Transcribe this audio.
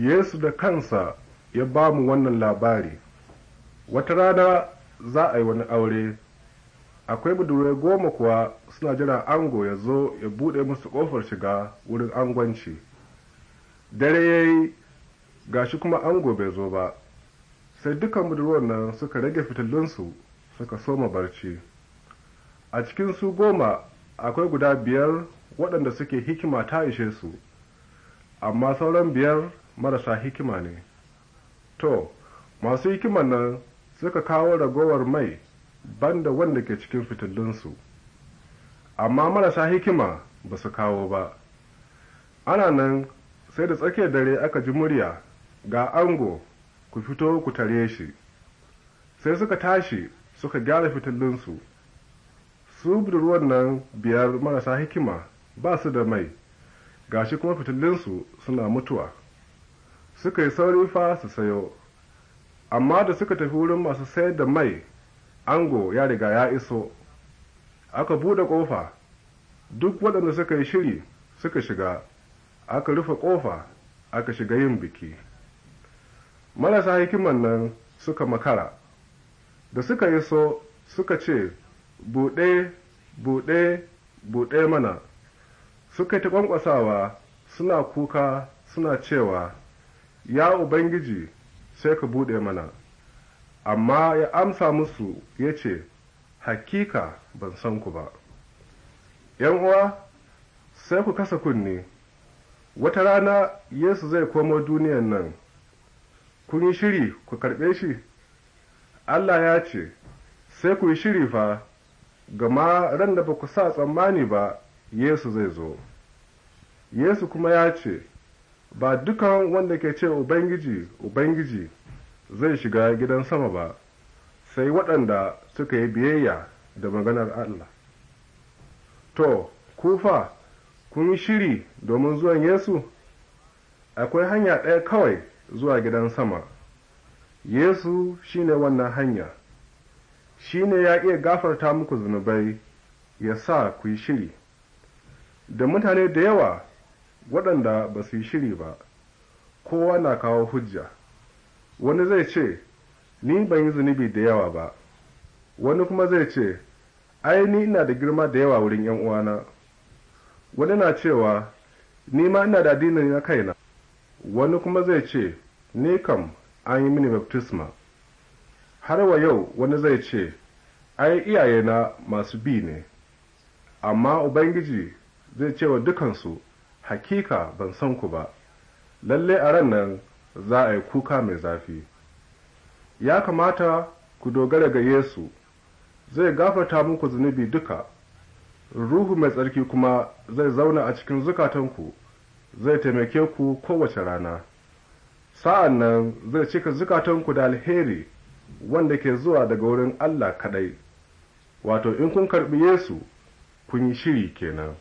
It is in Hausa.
Yesu da kansa ya ba mu wannan labari, wata rana za a yi wani aure, akwai budurai goma kuwa suna jira ango ya zo ya buɗe musu ƙofar shiga wurin angonci. Dare ya yi gashi kuma ango bai zo ba, sai dukan budurwan nan suka rage fitilunsu suka soma barci. A cikin su goma akwai guda biyar waɗanda suke hikima ta ishe su, amma sauran biyar marasa hikima ne to masu hikiman nan suka kawo ragowar mai banda wanda ke cikin fitilunsu amma marasa hikima ba su kawo ba ana nan sai da tsakiyar dare aka ji murya ga ango ku fito ku tare shi sai suka tashi suka gyara fitilunsu su ruwan nan biyar marasa hikima ba su da mai gashi kuma fitilunsu suna mutuwa suka yi sauri fa su sayo amma da suka tafi wurin masu sayar da mai ango ya riga ya iso aka bude kofa duk waɗanda suka yi shiri suka shiga aka rufe kofa aka shiga yin biki marasa hikiman nan suka makara da suka yi so suka ce buɗe buɗe buɗe mana suka yi ta ƙwanƙwasawa suna kuka suna cewa ya ubangiji sai ka buɗe mana amma ya amsa musu ya ce hakika ban san ku ba ‘yan uwa sai ku kasa kunne wata rana yesu zai komo duniyan nan kun yi shiri ku karɓe shi allah ya ce sai ku yi shiri fa gama ran da ba ku sa tsammani ba yesu zai zo yesu kuma ya ce ba dukan wanda ke ce ubangiji ubangiji zai shiga gidan sama ba sai waɗanda suka yi biyayya da maganar allah to kufa kun shiri domin zuwan yesu akwai hanya ɗaya kawai zuwa gidan sama yesu shine wannan hanya Shi ne ya iya gafarta muku zunubai ya sa ku yi shiri da mutane da yawa waɗanda ba su yi shiri ba kowa na kawo hujja wani zai ce ni ban yi zunubi da yawa ba wani kuma zai ce ai ni ina da girma da yawa wurin yan uwana wani na cewa ni ma ina da dina na kaina wani kuma zai ce ni kam an yi mini baptisma har wa yau wani zai ce ai iyayena masu bi ne amma ubangiji zai ce wa dukansu hakika ban san ku ba lalle a ran nan za a yi kuka mai zafi ya kamata ku dogara ga yesu zai gafata muku zunubi duka ruhu mai tsarki kuma zai zauna a cikin zukatanku zai taimake ku kowace rana sa'an nan zai cika zukatanku da alheri wanda ke zuwa daga wurin allah kaɗai wato in kun karɓi yesu kun yi shiri kenan